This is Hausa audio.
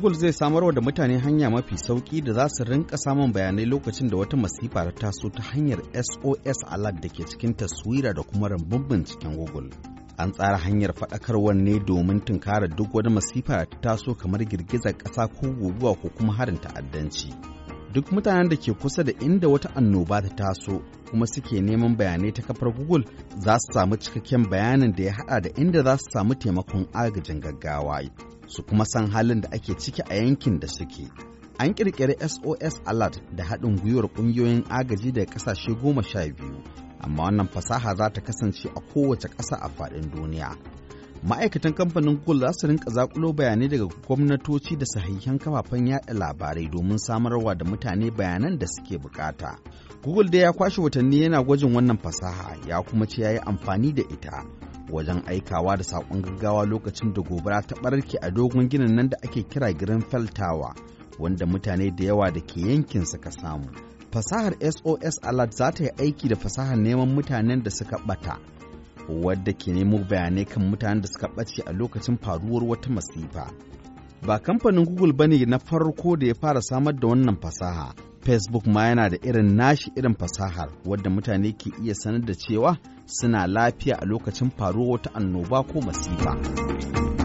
Google zai samarwa da mutane hanya mafi sauki da za su rinka samun bayanai lokacin da wata masifa ta taso ta hanyar SOS alert da ke cikin taswira da kuma rambun binciken Google. An tsara hanyar faɗakarwar ne domin tunkarar duk wani masifa ta taso kamar girgizar ƙasa ko guguwa ko kuma harin ta'addanci. duk mutanen da ke kusa da inda wata annoba ta taso kuma suke neman bayanai ta kafar google za su samu cikakken bayanin da ya hada da inda za su samu taimakon agajin gaggawa su kuma san halin da ake ciki a yankin da suke an ƙirƙiri sos alert da haɗin gwiwar ƙungiyoyin agaji daga ƙasashe goma sha biyu amma wannan fasaha za ta kasance a kowace ƙasa a faɗin duniya ma'aikatan kamfanin google za su rinka zakulo bayanai daga gwamnatoci da sahihan kafafen yada labarai domin samarwa da mutane bayanan da suke bukata google da ya kwashe watanni yana gwajin wannan fasaha ya kuma ce ya yi amfani da ita wajen aikawa da saƙon gaggawa lokacin da gobara ta ɓararke a dogon ginin nan da ake kira Grenfell Tower wanda mutane da yawa da ke yankin suka samu. Fasahar SOS Alert za ta yi aiki da fasahar neman mutanen da suka ɓata wadda ke nemo bayanai kan mutanen da suka ɓace a lokacin faruwar wata masifa. Ba kamfanin Google bane na farko da ya fara samar da wannan fasaha. Facebook ma yana da irin nashi irin fasahar wadda mutane ke iya sanar da cewa suna lafiya a lokacin faruwar wata annoba ko masifa.